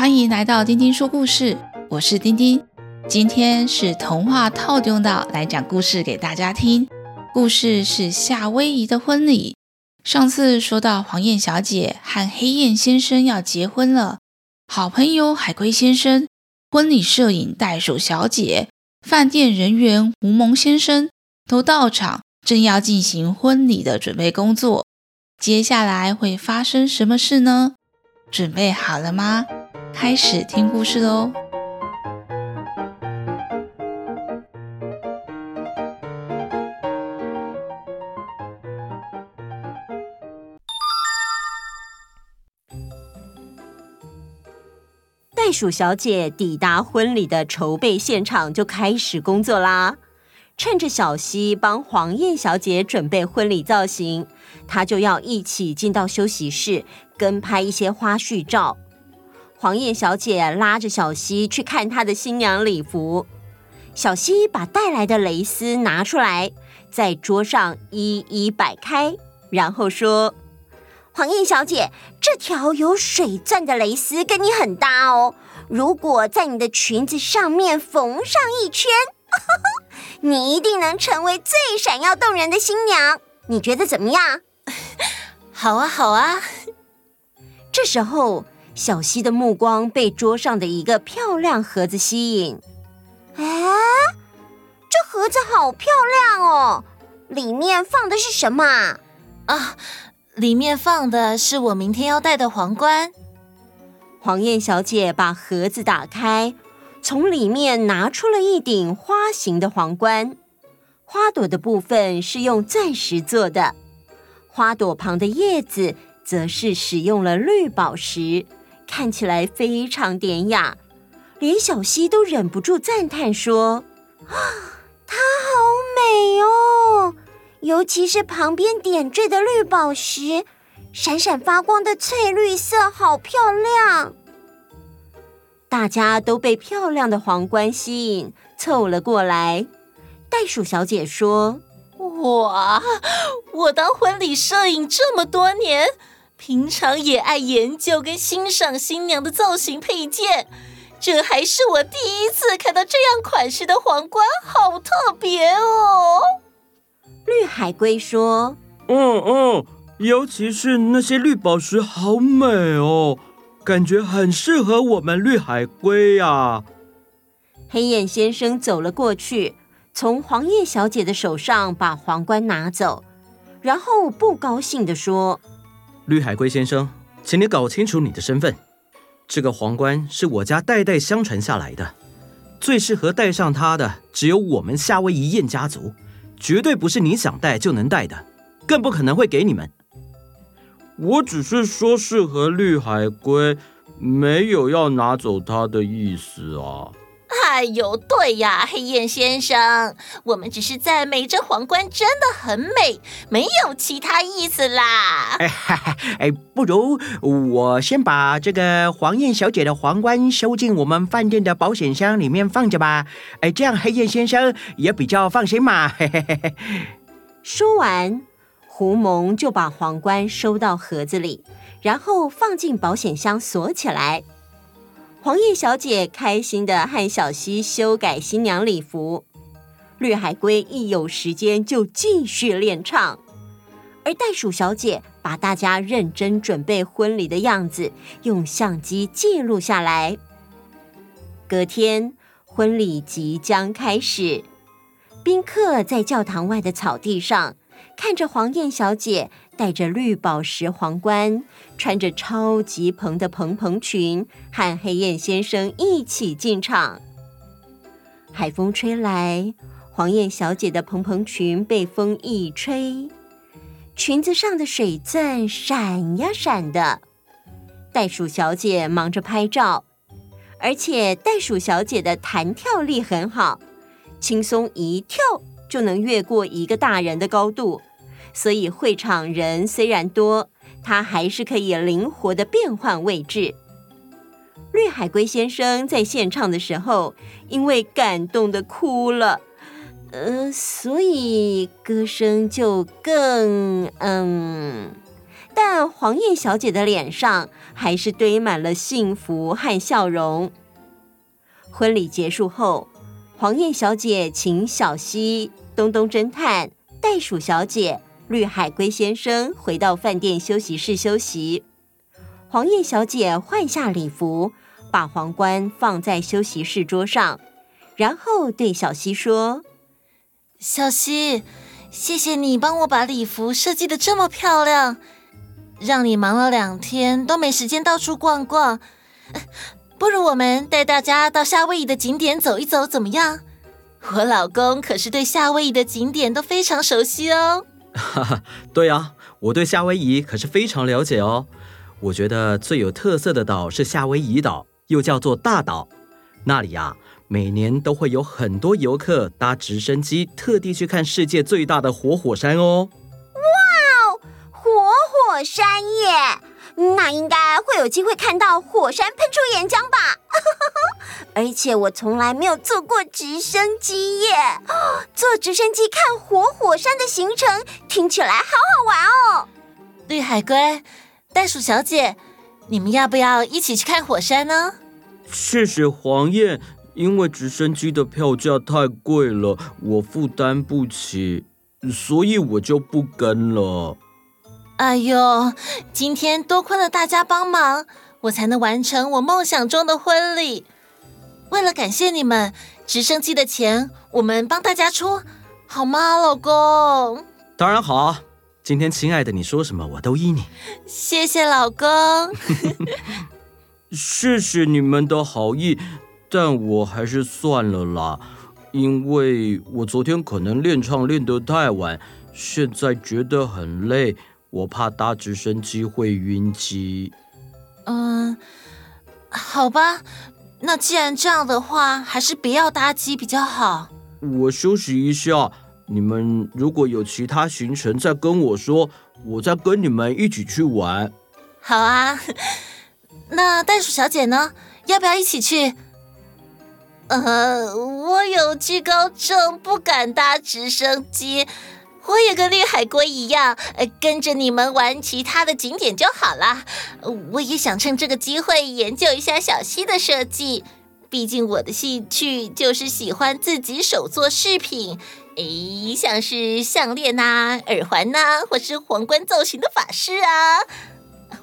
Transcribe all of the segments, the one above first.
歡迎來到丁丁說故事，我是丁丁，今天是童話透中島來講故事給大家聽。故事是夏威夷的婚禮。上次說到黃雁小姐和黑雁先生要結婚了，好朋友海龜先生、婚禮攝影袋鼠小姐、飯店人員狐獴先生都到場，正要進行婚禮的準備工作。接下來會發生什麼事呢？準備好了嗎？開始聽故事嘍！袋鼠小姐抵達婚禮的籌備現場，就開始工作啦。趁着小西幫黃雁小姐準備婚禮造型，她就要一起進到休息室，跟拍一些花絮照。黃雁小姐拉着小西去看她的新娘禮服，小西把帶來的蕾絲拿出來，在桌上一一擺開，然後說：“黃雁小姐，這條有水鑽的蕾絲跟你很搭哦。如果在你的裙子上面縫上一圈，呵呵你一定能成為最閃耀動人的新娘。你覺得怎麼樣？”“好啊，好啊。”這時候。小溪的目光被桌上的一個漂亮盒子吸引。哎，這盒子好漂亮哦！裡面放的是什麼啊？啊，裡面放的是我明天要戴的皇冠。黃燕小姐把盒子打開，從裡面拿出了一頂花形的皇冠。花朵的部分是用鑽石做的，花朵旁的葉子則是使用了綠寶石。看起來非常典雅，連小溪都忍不住讚嘆說：“啊，它好美哦，尤其是旁邊點綴的綠寶石，閃閃發光的翠綠色，好漂亮！”大家都被漂亮的皇冠吸引，湊了過來。袋鼠小姐說：“哇，我當婚禮攝影這麼多年。”平常也愛研究跟欣賞新娘的造型配件，這還是我第一次看到這樣款式的皇冠，好特別哦！綠海龜說：“嗯、哦、嗯、哦，尤其是那些綠寶石，好美哦，感覺很適合我們綠海龜呀、啊。”黑雁先生走了過去，從黃雁小姐的手上把皇冠拿走，然後不高興地說。綠海龜先生，請你搞清楚你的身份。這個皇冠是我家代代相傳下來的，最適合戴上它的只有我們夏威夷燕家族，絕對不是你想戴就能戴的，更不可能會給你們。我只是說適合綠海龜，沒有要拿走它的意思啊。哎呦，對呀，黑雁先生，我們只是讚美這皇冠真的很美，沒有其他意思啦。哎。哎，不如我先把這個黃雁小姐的皇冠收進我們飯店的保險箱裡面放着吧。哎，這樣黑雁先生也比較放心嘛。嘿嘿嘿。說完，狐獴就把皇冠收到盒子裡，然後放進保險箱鎖起來。黃雁小姐開心地和小溪修改新娘禮服，綠海龜一有時間就繼續練唱，而袋鼠小姐把大家認真準備婚禮的樣子用相機記錄下來。隔天，婚禮即將開始，賓客在教堂外的草地上看着黃雁小姐，帶着綠寶石皇冠，穿着超級蓬的蓬蓬裙，和黑燕先生一起進場。海風吹來，黃燕小姐的蓬蓬裙被風一吹，裙子上的水鑽閃呀閃的。袋鼠小姐忙着拍照，而且袋鼠小姐的彈跳力很好，輕鬆一跳就能越過一個大人的高度。所以會場人雖然多，他還是可以靈活的變換位置。綠海龜先生在獻唱的時候，因為感動得哭了，呃，所以歌聲就更嗯。但黃雁小姐的臉上還是堆滿了幸福和笑容。婚禮結束後，黃雁小姐請小溪、東東偵探、袋鼠小姐。綠海龜先生回到飯店休息室休息，黃雁小姐換下禮服，把皇冠放在休息室桌上，然後對小西說：“小西，謝謝你幫我把禮服設計得這麼漂亮，讓你忙了兩天都沒時間到處逛逛。不如我們帶大家到夏威夷的景點走一走，怎麼樣？我老公可是對夏威夷的景點都非常熟悉哦。”哈哈，對啊，我對夏威夷可是非常了解哦。我覺得最有特色的島是夏威夷島，又叫做大島。那裡啊，每年都會有很多遊客搭直升機特地去看世界最大的活火山哦。哇哦，活火山耶！那應該會有機會看到火山噴出岩漿吧？ 而且我從來沒有坐過直升機耶！坐直升機看活火、火山的行程聽起來好好玩哦！綠海龜、袋鼠小姐，你們要不要一起去看火山呢？謝謝黃雁，因為直升機的票價太貴了，我負擔不起，所以我就不跟了。哎呦，今天多虧了大家幫忙，我才能完成我夢想中的婚禮。為了感謝你們，直升機的錢我們幫大家出，好嗎，老公？當然好，今天親愛的你說什麼我都依你。謝謝老公，謝 謝 你們的好意，但我還是算了啦，因為我昨天可能練唱練得太晚，現在覺得很累。我怕搭直升機會暈機。嗯，好吧，那既然這樣的話，還是不要搭機比較好。我休息一下，你們如果有其他行程，再跟我說，我再跟你們一起去玩。好啊，那袋鼠小姐呢？要不要一起去？呃，我有懼高症，不敢搭直升機。我也跟綠海龜一樣，呃，跟着你們玩其他的景點就好了。呃，我也想趁這個機會研究一下小溪的設計，畢竟我的興趣就是喜歡自己手做飾品，誒，像是項鏈吶、啊、耳環吶、啊，或是皇冠造型的髮飾啊。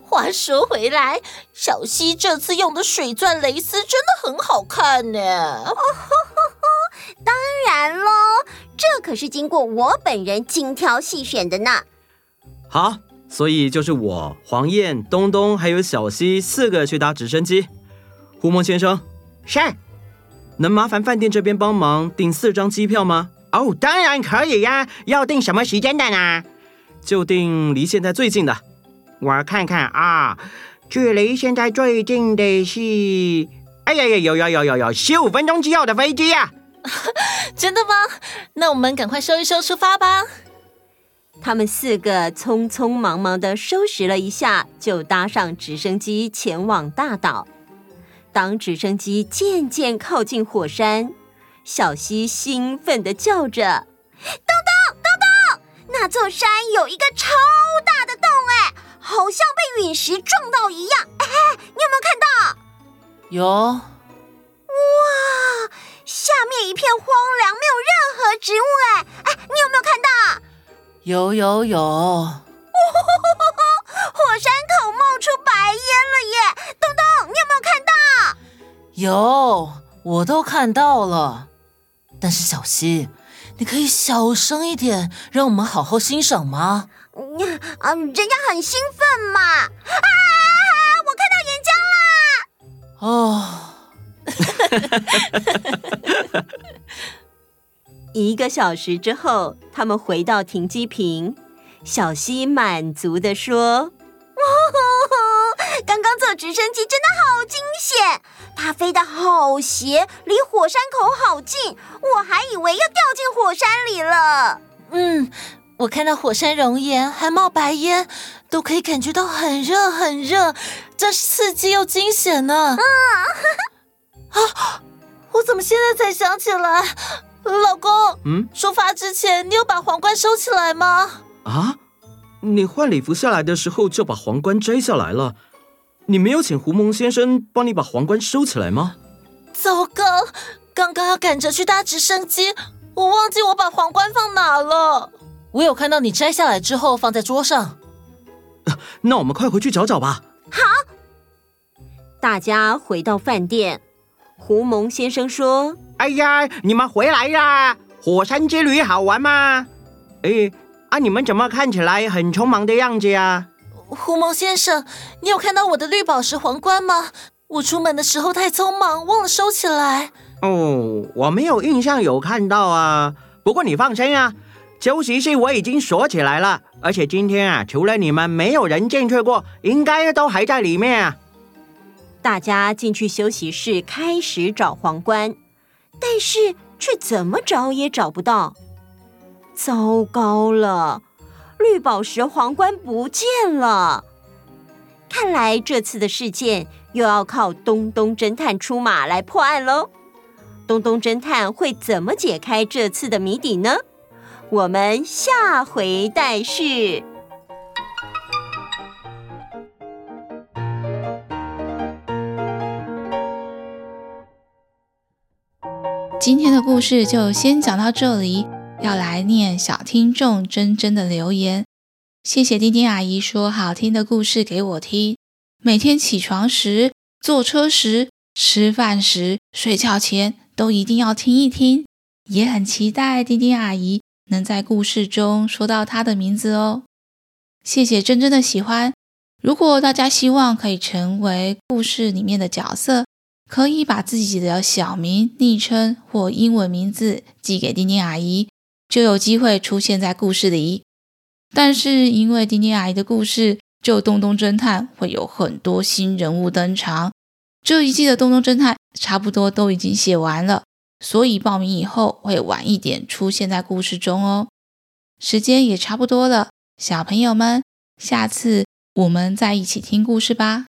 話說回來，小溪這次用的水鑽蕾絲真的很好看呢。哦，呵呵呵，當然嘍。這可是經過我本人精挑細選的呢。好，所以就是我、黃雁、東東還有小西四個去搭直升機。狐獴先生，是，能麻煩飯店這邊幫忙訂四張機票嗎？哦，當然可以呀、啊。要訂什麼時間的呢？就訂離現在最近的。我看看啊，距離現在最近的是……哎呀呀，有有有有有，十五分鐘之後的飛機呀、啊！ 真的嗎？那我們趕快收一收，出發吧！他們四個匆匆忙忙的收拾了一下，就搭上直升機前往大島。當直升機漸漸靠近火山，小溪興奮的叫着：“東東，東東！那座山有一個超大的洞，哎，好像被隕石撞到一樣！哎嘿，你有沒有看到？有！哇！”下面一片荒涼，沒有任何植物誒，哎，你有沒有看到？有有有有、哦！火山口冒出白煙了耶，東東，你有沒有看到？有，我都看到了。但是小西，你可以小聲一點，讓我們好好欣賞嗎？嗯，人家很興奮嘛！啊，我看到岩漿了！哦。 一個小時之後，他們回到停機坪。小溪滿足地說：「哦，剛剛坐直升機真的好驚險！它飛得好斜，離火山口好近，我還以為要掉進火山裡了。」嗯，我看到火山熔岩還冒白煙，都可以感覺到很熱很熱，真是刺激又驚險呢。 啊！我怎麼現在才想起來，老公？嗯，出發之前你有把皇冠收起來嗎？啊！你換禮服下來的時候就把皇冠摘下來了。你沒有請狐獴先生幫你把皇冠收起來嗎？糟糕！剛剛要趕着去搭直升機，我忘記我把皇冠放哪了。我有看到你摘下來之後放在桌上、啊。那我們快回去找找吧。好、啊，大家回到飯店。狐獴先生說：“哎呀，你們回來啦！火山之旅好玩嗎？哎，啊，你們怎麼看起來很匆忙的樣子呀、啊？”狐獴先生，你有看到我的綠寶石皇冠嗎？我出門的時候太匆忙，忘了收起來。哦，我沒有印象有看到啊。不過你放心啊，休息室我已經鎖起來了，而且今天啊，除了你們，沒有人進去過，應該都還在裡面啊。大家進去休息室開始找皇冠，但是卻怎麼找也找不到。糟糕了，綠寶石皇冠不見了！看來這次的事件又要靠東東偵探出馬來破案嘍。東東偵探會怎麼解開這次的謎底呢？我們下回再續。今天的故事就先講到這裡，要來念小聽眾真真的留言，謝謝丁丁阿姨說好聽的故事給我聽。每天起床時、坐車時、吃飯時、睡覺前都一定要聽一聽。也很期待丁丁阿姨能在故事中說到她的名字哦。謝謝真真的喜歡。如果大家希望可以成為故事裡面的角色，可以把自己的小名、昵稱或英文名字寄給丁丁阿姨，就有機會出現在故事裡。但是，因為丁丁阿姨的故事就《東東偵探》會有很多新人物登場，這一季的《東東偵探》差不多都已經寫完了，所以報名以後會晚一點出現在故事中哦。時間也差不多了，小朋友們，下次我們再一起聽故事吧。